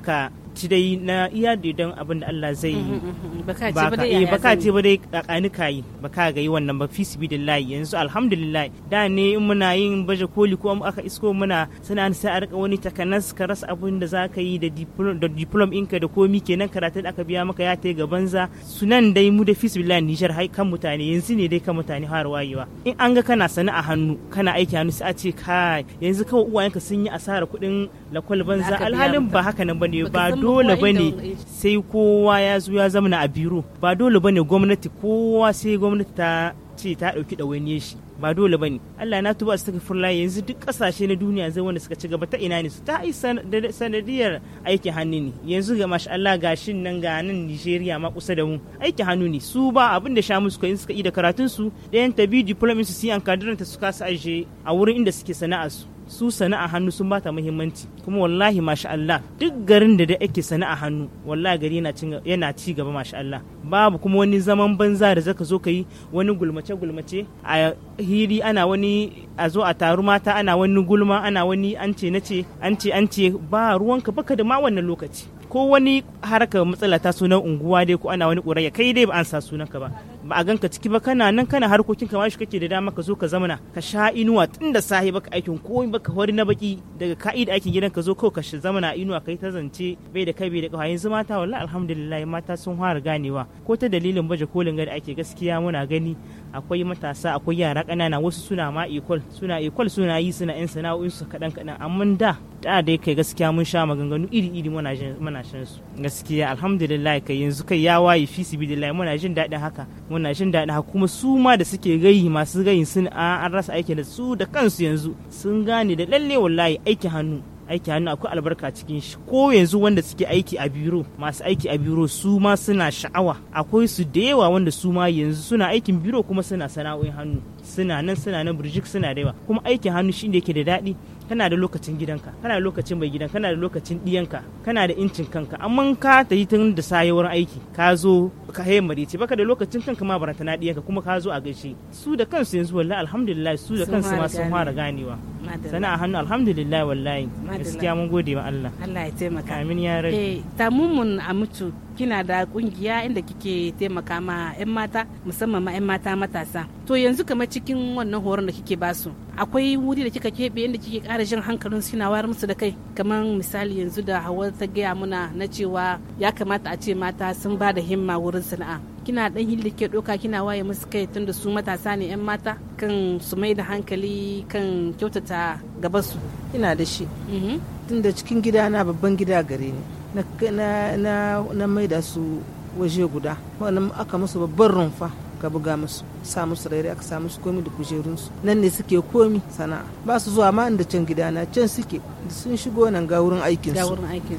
ci dai na iya daidan abin da Allah zai yi mm-hmm, mm-hmm. baka ce ba dai kakani kayi baka ga yi wannan ba fi sibidillahi yanzu alhamdulillah da ne in muna yin baje koli ko aka isko muna suna sai a rika wani takanas ka rasa abin da zaka yi da diplom ɗinka da komi kenan da aka biya maka ya ta yi ga banza sunan dai mu da fi sibidillahi Nijar kan mutane yanzu ne dai kan mutane har wayewa in an ga kana a hannu kana aiki hannu sai a ce kai yanzu kawai uwayenka sun yi asara kuɗin lakwal banza alhalin ba haka nan ne ba dole ba ne sai kowa ya zo ya zamana a biro ba dole ba ne gwamnati kowa sai gwamnati ta ce ta ɗauki ɗawainiyar shi ba dole ba ne Allah na tuba su furla yanzu duk kasashe na duniya zai wanda suka ci gaba ta ina ne su ta yi sanadiyar aikin hannu ne yanzu ga masha Allah gashin nan ga nan Nigeria ma kusa da mu aiki hannu ne su ba abin da sha musu kai suka yi da karatun su ɗayan ta biyu diplomas su siyan kadiran ta su kasa aje a wurin inda suke sana'a su su sana'a hannu sun bata muhimmanci kuma wallahi masha Allah duk garin da da ake sana'a hannu wallahi gari yana ci gaba masha Allah babu kuma wani zaman banza da zaka zo ka yi wani gulmace gulmace a hiri ana wani a zo a taru mata ana wani gulma ana wani an ce nace an ce an ce ba ruwanka baka da ma wannan lokaci ko wani haraka matsala ta sunan unguwa dai ko ana wani ƙuraya kai dai ba an sa sunanka ba ba a ganka ciki ba kana nan kana harkokin ka shi kake da dama ka zo ka zamana ka sha inuwa tun da sahi baka aikin komai baka hori na baki daga ka'ida aikin gidan ka zo kawai ka zamana inuwa kai ta zance bai da kai bai da kawai yanzu mata wallahi alhamdulillah mata sun fara ganewa ko ta dalilin baje kolin ga da ake gaskiya muna gani akwai matasa akwai yara kanana wasu suna ma ikol suna ikol suna yi suna yan sana'o'in su kaɗan kaɗan amma da da dai kai gaskiya mun sha maganganu iri iri muna shan su gaskiya alhamdulillah kai yanzu kai ya waye fi sibidillahi muna jin daɗin haka muna jin daɗin haka kuma su ma da suke gayi masu gayin sun an rasa aikin da su da kansu yanzu sun gane da lalle wallahi aikin hannu aiki hannu akwai albarka cikin shi ko yanzu wanda suke aiki a biro masu aiki a biro su ma suna sha'awa akwai su da yawa wanda su ma yanzu suna aikin biro kuma suna sana'o'in hannu suna nan suna nan birjik suna da yawa kuma aikin hannu shine yake da daɗi kana da lokacin gidanka kana da lokacin mai gidan kana da lokacin diyanka kana da incin kanka amma ka ta yi tun da saye wurin aiki ka zo ka haye ce baka da lokacin kanka ma baranta na diyanka kuma ka zo a gaishe su da kansu yanzu wallahi alhamdulillah su da kansu ma sun fara ganewa sana a hannu alhamdulillah wallahi gaskiya mun gode wa Allah Allah ya taimaka amin ya rabi eh tamumun a mutu kina da kungiya inda kike taimaka ma 'yan mata musamman ma 'yan mata matasa to yanzu kamar cikin wannan horon da kike basu akwai wuri da kika keɓe inda kike ƙara jin hankalin suna wayar musu da kai kamar misali yanzu da hawa ta gaya muna na cewa ya kamata a ce mata sun ba da himma wurin sana'a kina dan hilda ke doka kina waye musu kai tunda su matasa ne yan mata kan su mai da hankali kan kyautata su ina da shi mhm. tunda cikin gida na babban gida gare ni na maida su waje guda wannan aka musu babban rumfa ka buga musu sa musu rairi aka sa musu komi da kujerunsu nan ne suke komi sana'a ba su zuwa ma inda can gidana can suke sun shigo nan ga wurin aikin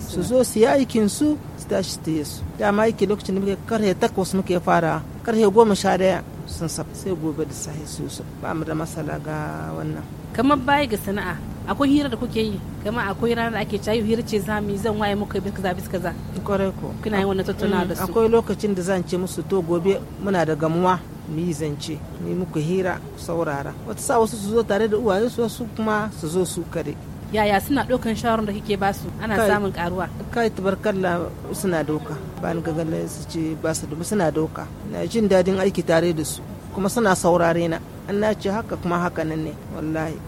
su zo su yi aikin su su tashi ta yi su dama aiki lokacin da muke karhe takwas muke fara karhe goma sha daya sun sai gobe da sahi su ba mu da masala ga wannan kamar baya ga sana'a akwai hira da kuke yi kama akwai ranar da ake cayu hira ce za mu zan waye muka bisa kaza bisa kaza kore ko Kina yin wannan tattauna da su mm, akwai lokacin da zan ce musu to gobe muna da gamuwa mu yi zance mu muku hira saurara wata sa wasu su zo tare da uwaye su wasu kuma su zo su kare yaya suna ɗaukan shawarar da kike basu ana samun karuwa kai tabarkalla suna doka ba ni gagalle su ce ba su da suna doka na jin dadin aiki tare da su kuma suna saurare na an na ce haka kuma haka nan ne wallahi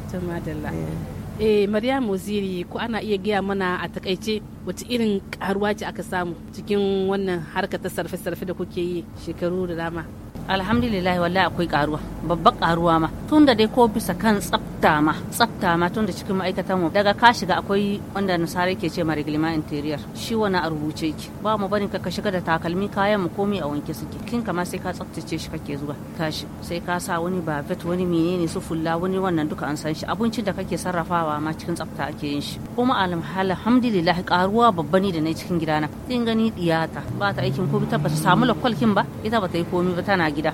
eh Maria Moziri ko ana iya gaya mana a takaice wace irin karuwa ce aka samu cikin wannan harkar ta sarfe-sarfe da kuke yi shekaru da dama alhamdulillah wallahi akwai karuwa babban karuwa ma tunda dai ko bisa kan tsafta ma tsafta ma tunda cikin ma'aikatan mu daga ka shiga akwai wanda nasara ke ce ma reglima interior shi wani a rubuce ki ba mu barin ka ka shiga da takalmi kayan mu komai a wanke suke kin kama sai ka tsaftace shi kake zuwa tashi sai ka sa wani bafet wani menene su fulla wani wannan duka an san shi abincin da kake sarrafawa ma cikin tsafta ake yin shi kuma alhamdulillah karuwa babba ne da na cikin gidana din gani diyata ba ta aikin komai ta ba samu lakwalkin ba ita ba ta yi komai ba tana gida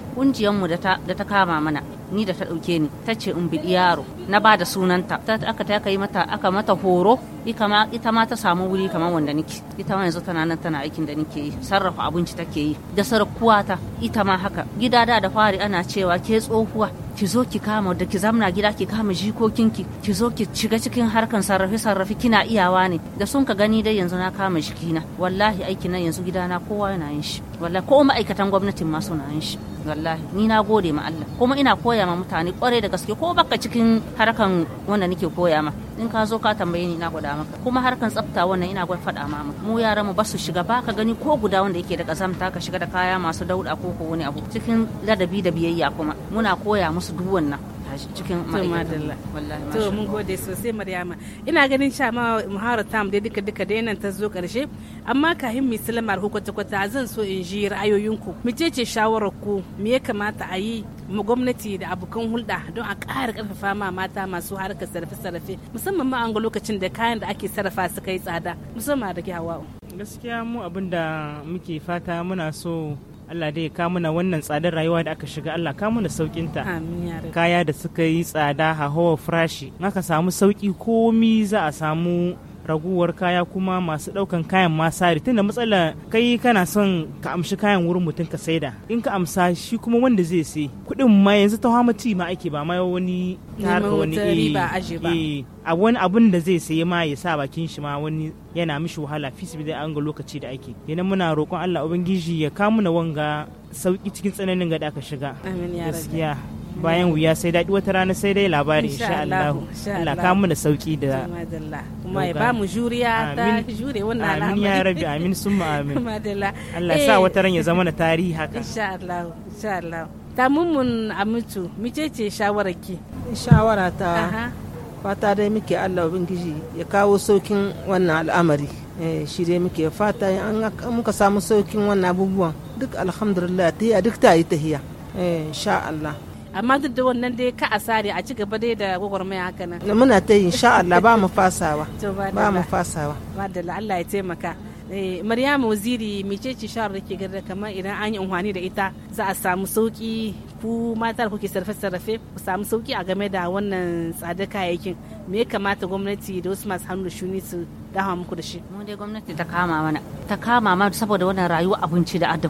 mu da ta kama mana ni da ta ɗauke ni ta ce in biɗi yaro na ba da sunanta ta aka ta kai mata aka mata horo ita ma ta samu wuri kamar wanda nake ita ma yanzu tana nan tana aikin da nake yi sarrafa abinci take yi da sarkuwa ta ita ma haka gida da da fari ana cewa ke tsohuwa ki zo ki kama da ki zamna gida ki kama jikokinki ki zo ki shiga cikin harkan sarrafi sarrafi kina iyawa ne da sun ka gani dai yanzu na kama jikina wallahi aikin nan yanzu gida na kowa yana yin shi wallahi ko ma'aikatan gwamnatin ma suna yin shi wallahi ni na gode ma Allah kuma ina koya ma mutane kwarai da gaske ko baka cikin harkan wanda nake koya ma in ka zo ka tambaye ni na gwada maka kuma harkan tsafta wannan ina gwada faɗa ma mu yaran mu basu shiga Ba ka gani ko guda wanda yake da kazamta ka shiga da kaya masu dauɗa ko ko wani abu cikin ladabi da biyayya kuma muna koya musu duk wannan cikin ma'aikata to mun gode sosai maryama ina ganin sha ma muhara tam dai duka duka dai nan ta zo karshe amma kahin mu salama kwata zan so in ji ra'ayoyinku mu ce ce shawarar ku me ya kamata a yi mu gwamnati da abokan hulɗa don a ƙara ƙarfafa ma mata masu harkar sarrafe-sarrafe musamman ma an ga lokacin da kayan da ake sarrafa suka yi tsada musamman da ke hawa'u gaskiya mu abin da muke fata muna so Allah dai ka muna wannan tsadar rayuwa da aka shiga Allah ka muna saukin ta kaya da suka yi tsada hawa farashi Naka samu sauki komi za a samu raguwar kaya kuma masu ɗaukan kayan masari tunda matsala kai kana son ka amshi kayan wurin mutum ka saida in ka amsa shi kuma wanda zai sai kuɗin ma yanzu ta ci ma ake ba ma wani ta harka wani eh, eh, a wani abun da zai sayi ma ya sa bakin shi ma wani yana mishi wahala fisibi bi an ga lokaci da ake yana muna roƙon Allah ubangiji ya kamu na wanga sauki cikin tsananin ga da aka shiga gaskiya bayan wuya sai daɗi wata rana sai dai labari insha Allah Allah ka mu da sauki da kuma ya ba mu juriya ta jure wannan al'amari amin ya rabbi amin summa amin Allah sa eh. wata ran ya zama na tarihi haka insha Allah insha Allah ta mun amintu mice ce shawara ki shawara ta fata dai muke Allah ubangiji ya kawo saukin wannan al'amari eh, shi dai muke fata an muka samu saukin wannan abubuwan duk alhamdulillah ta duk ta yi tahiya eh, insha Allah amma duk da wannan dai ka asare a ci gaba dai da gwagwarmaya haka nan muna ta yi insha Allah ba mu fasawa ba mu fasawa ba da Allah ya taimaka eh, Maryamu Waziri mece ce shawar da ke gada kamar idan an yi amfani da ita za a samu sauki ku mata da kuke sarfe sarrafe ku samu sauki a game da wannan tsada kayayyakin me ya kamata gwamnati da wasu masu hannu da shuni su dama muku da shi mu dai gwamnati ta kama mana ta kama mana saboda wannan rayuwa abinci da adda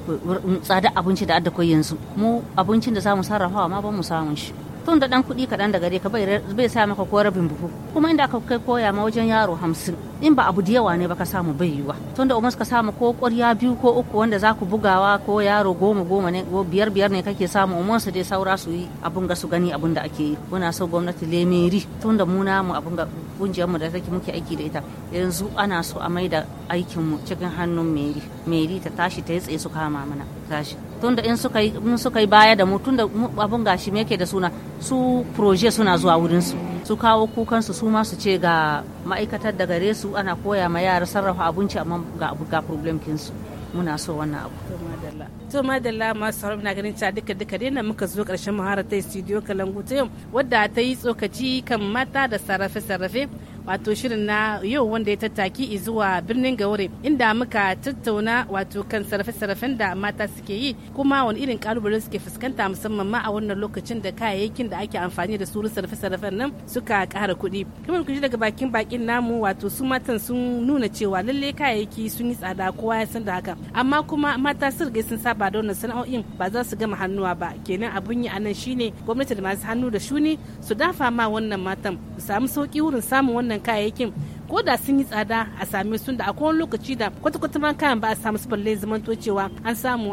tsadar abinci da adda yanzu mu abincin da zamu sarrafawa ma ba mu samun shi tun da dan kuɗi kaɗan daga gare ka bai sa maka ko rabin buhu kuma inda ka kai koya ma wajen yaro hamsin in ba abu da yawa ne ba ka samu bai yiwa tun da umar ka samu ko ƙwarya biyu ko uku wanda za ku bugawa ko yaro goma goma ne biyar biyar ne kake samu umar su dai saura su yi abun ga su gani abun da ake yi muna so gwamnati lemeri tun da muna mu abun ga kungiyarmu da take muke aiki da ita yanzu ana so a maida aikinmu cikin hannun meri meri ta tashi ta yi tsaye su kama mana tashi tunda in suka yi in suka yi baya da mu tunda abun gashi me yake da suna su proje suna zuwa wurin su su kawo kukan su su ma su ce ga ma'aikatar da gare su ana koya ma yara sarrafa abinci amma ga ga problem kin su muna so wannan abu to madalla to madalla masu sauraro na ganin ta duka duka dai muka zo karshen muharatai studio kalangu yau wadda ta yi tsokaci kan mata da sarrafe sarrafe wato shirin na yau wanda ya tattaki zuwa birnin gaure inda muka tattauna wato kan sarrafe-sarrafen da mata suke yi kuma wani irin kalubale suke fuskanta musamman ma a wannan lokacin da kayayyakin da ake amfani da su sarrafe-sarrafen nan suka kara kuɗi kamar ku daga bakin bakin namu wato su matan sun nuna cewa lalle kayayyaki sun yi tsada kowa ya san da haka amma kuma mata sun riga sun saba da wannan sana'o'in ba za su gama hannuwa ba kenan abun yi anan shine gwamnati da masu hannu da shuni su dafa ma wannan matan su samu sauki wurin samun wannan wannan kayayyakin ko da sun yi tsada a same su da akwai lokaci da kwata-kwata ma kayan ba a samu su balle to cewa an samu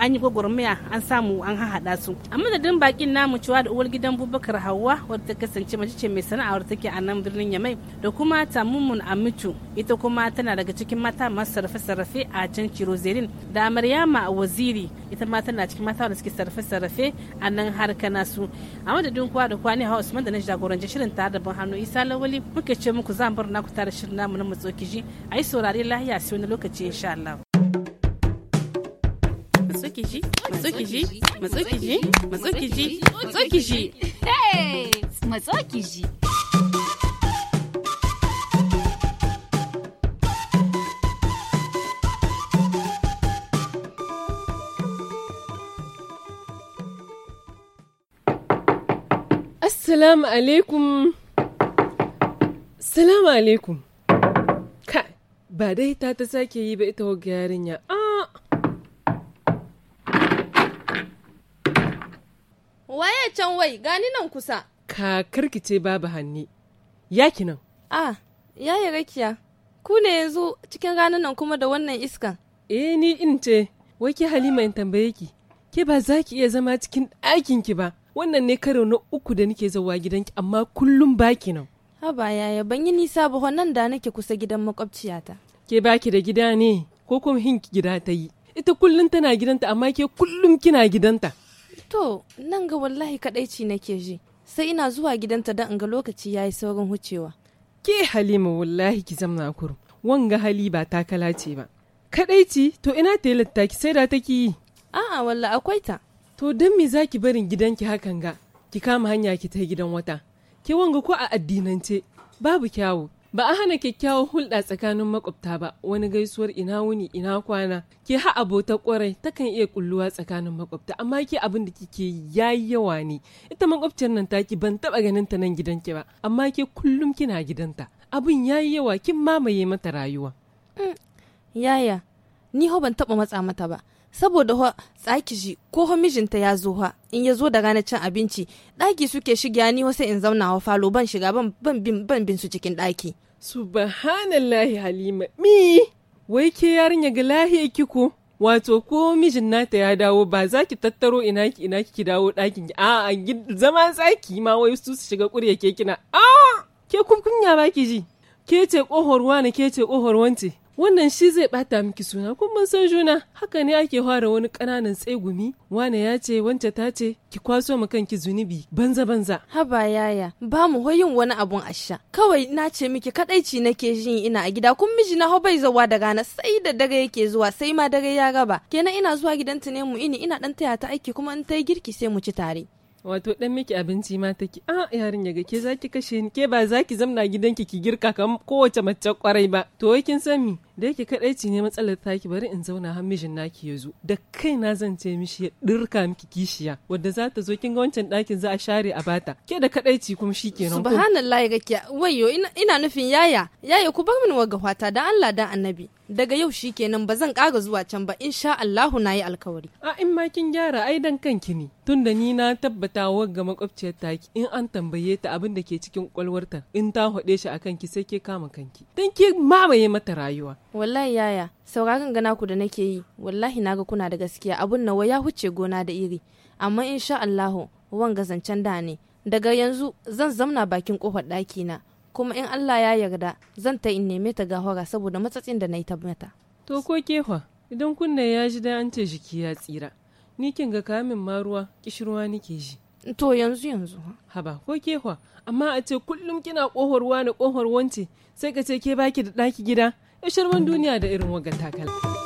an yi gwagwarmaya an samu an haɗa su a madadin bakin namu cewa da uwar gidan bubakar hawa wadda ta kasance mace ce mai sana'ar take a nan birnin yamai da kuma tamumun amitu ita kuma tana daga cikin mata masu sarrafe-sarrafe a can cirozerin da maryama waziri ita ma tana cikin mata wadda suke sarrafe-sarrafe a nan harka nasu da din kuwa da kwani hawa usman da na jagoranci shirin tare da ban hannu isa lawali muke ce muku zan bar na na ku tara shirin namu na kiji a yi saurari lahiya sai wani lokaci insha Allah. Matsokiji, kiji, matsokiji, kiji, matsokiji. kiji, Assalamu alaikum. Salamu alaikum. Ka, ba dai ta ta sake yi ba ita wagga yarinya. Ah. Waye can wai gani nan kusa. Ka ce babu hanni. Yaki nan. Ah, yi rakiya. Ku ne yanzu cikin ranar nan kuma da wannan iska. Eh ni in ce, wai ke Halima in tambaye ki. Ke ba za ki iya zama cikin ɗakin ki ba. Wannan ne karo na uku da nake zawa gidanki amma kullum baki nan. Haba yaya ban yi nisa ba wannan da nake kusa gidan makwabciyata. Ke ba ki da gida ne ko kuma hin gida ta yi. Ita kullum tana gidanta amma ke kullum kina gidanta. To nan ga wallahi kadaici nake ji. Sai ina zuwa gidanta don in ga lokaci ya yi saurin hucewa. Ke Halima wallahi ki zamna kuru, Wanga hali ba takala ce ba. Kadaici to ina ta yi littaki sai da take yi. A'a walla akwai ta. To don me za ki barin gidanki hakan ga? Ki kama hanya ki ta gidan wata. ki wanga ko a addinance babu kyawu ba a hana kyakkyawan hulɗa tsakanin makwabta ba wani gaisuwar ina wuni ina kwana ke ha abota kwarai takan iya kulluwa tsakanin makwabta amma ke abin da kike yayi yawa ne ita makwabciyar nan taki ban taba ganin ta nan gidanki ba amma ke kullum kina gidanta abin yayi yawa kin mamaye mata rayuwa mm, yaya ni ho ban taba matsa mata ba saboda wa tsaki shi ko ho mijinta ya zo ha in ya zo da ranar cin abinci ɗaki suke shiga ni wasu in zauna wa falo ban shiga ban bin su cikin ɗaki. subhanallahi halima mi wai ke yarinya ga lahiya kiko wato ko mijin nata ya dawo ba za ki tattaro ina ki ina ki dawo ɗakin ki a'a zama tsaki ma wai su su shiga ƙurya ke kina a ah! ke kunya ba ki ji ke ce ƙohorwa ne ke ce ƙohorwan ce wannan shi zai bata miki suna kun mun san juna haka ne ake fara wani kananan tsegumi wane ya ce wance ta ce ki kwaso ma kanki zunubi banza banza haba yaya ba mu hoyin wani abun asha kawai na ce miki kadaici nake jin ina a gida kun miji na bai zawa daga na sai da dare yake zuwa sai ma dare ya gaba kenan ina zuwa gidanta ne mu ini ina dan taya ta aiki kuma in ta girki sai mu ci tare wato dan miki abinci ma take a yarin yaga ke zaki kashe ni ke ba zaki zamna gidanki ki girka kam kowace mace kwarai ba to wai kin san mi da yake kadaici ne matsalar taki bari in zauna har mijin naki ya zo da kaina zan ce mishi ya dirka miki kishiya wadda za ta zo kin ga wancan dakin za a share a bata ke da kadaici kuma shikenan subhanallahi gakiya wayo ina nufin yaya yaya ku bar min waga fata dan Allah dan annabi daga yau shi kenan ba zan ƙara zuwa can ba insha Allahu na yi alkawari. A in ma kin gyara ai dan kanki ne tun da ni na tabbata ga makwabciyar taki in an tambaye ta abin da ke cikin kwalwarta in ta haɗe shi akan ki sai ke kama kanki. Dan ki mamaye mata rayuwa. Wallahi yaya sauraron gana ku da nake yi wallahi naga kuna da gaskiya abun nawa ya huce gona da iri amma insha Allahu wanga zancen da ne daga yanzu zan zamna bakin kofar ɗakina kuma in Allah ya yarda zan ta in neme ta gawara saboda matsatsin da na yi mata. To ko kefa idan kunna ya ji dai an ce jiki ya tsira ni kin ga kamin ma ruwa kishirwa nike ji. To yanzu yanzu. Haba ko kefa amma a ce kullum kina kohar wani kohar wance sai ka ce ke baki da ɗaki gida ya sharman duniya da irin wagan takalma.